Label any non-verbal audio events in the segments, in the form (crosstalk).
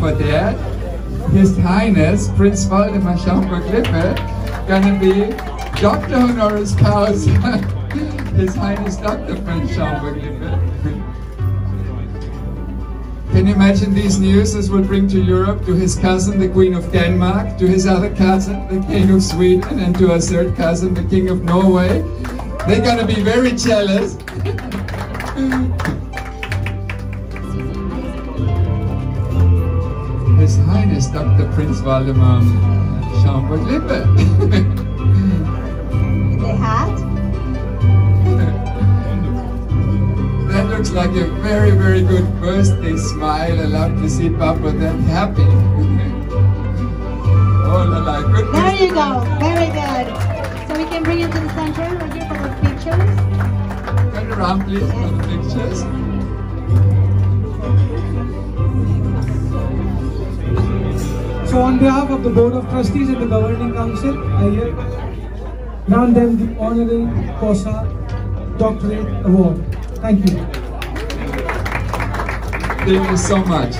For that, His Highness Prince Waldemar Schaumburg-Lippe gonna be Dr. Honoris Causa, (laughs) His Highness Dr. Prince Schaumburg-Lippe. Can you imagine these news this will bring to Europe, to his cousin, the Queen of Denmark, to his other cousin, the King of Sweden, and to our third cousin, the King of Norway? They're gonna be very jealous. (laughs) mine is Dr. Prince Waldemar Schaumburg-Lippe. the (laughs) hat? (laughs) that looks like a very, very good birthday smile. I love to see Papa that happy. (laughs) oh la la, good There you go, very good. So we can bring it to the center, we're here for the pictures. Turn around please for the pictures. So on behalf of the Board of Trustees and the Governing Council, I hereby grant them the Honorary COSA Doctorate Award. Thank you. Thank you so much.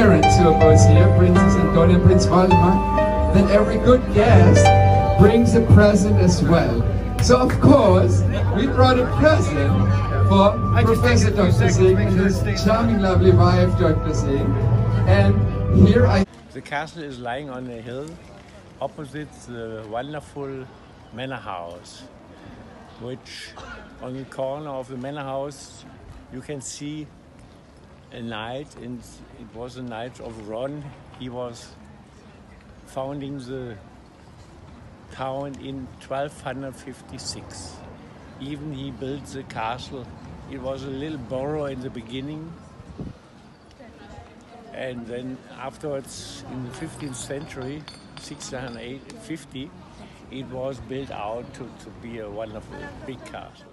parents who oppose here, Princess Antonia Prince Valdemar, then every good guest brings a present as well. So of course, we brought a present for I Professor Dr. Singh and his charming, lovely wife, Dr. Singh. And here I... The castle is lying on a hill opposite the wonderful manor house, which on the corner of the manor house you can see a night, and it was a night of Ron. He was founding the town in 1256. Even he built the castle. It was a little borough in the beginning. And then afterwards, in the 15th century, 1650, it was built out to, to be a wonderful big castle.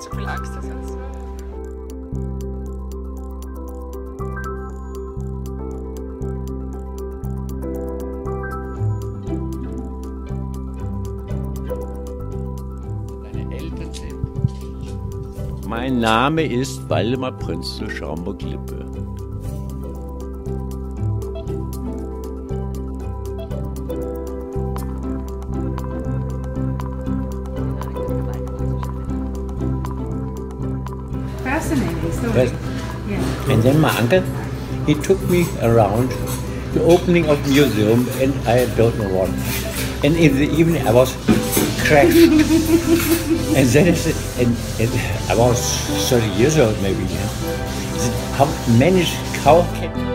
zu to relax das ist. Mein Name ist Waldemar Prinzel Schaumburg-Lippe. my Denmark. He took me around the opening of the museum and I don't know what. And in the evening I was cracked. (laughs) and then I said, and, and, I was 30 years old maybe. Yeah? How many how. can...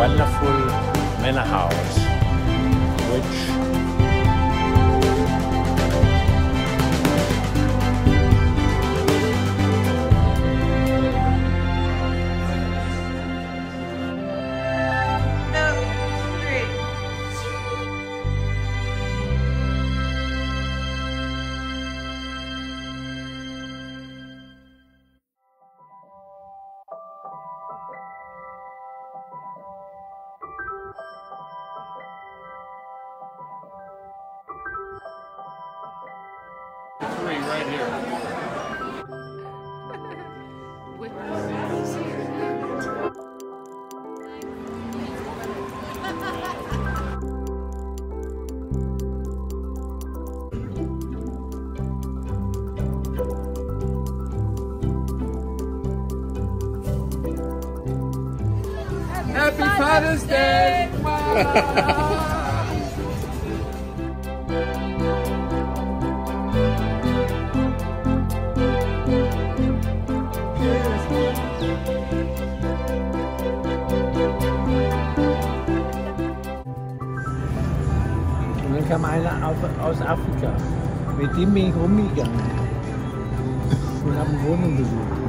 wonderful manor house, which right here. Happy Father's Day! Day. (laughs) kam einer aus Afrika. Mit dem bin ich rumgegangen und habe eine Wohnung besucht.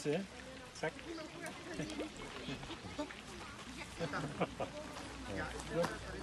Ganze. Zack. (laughs)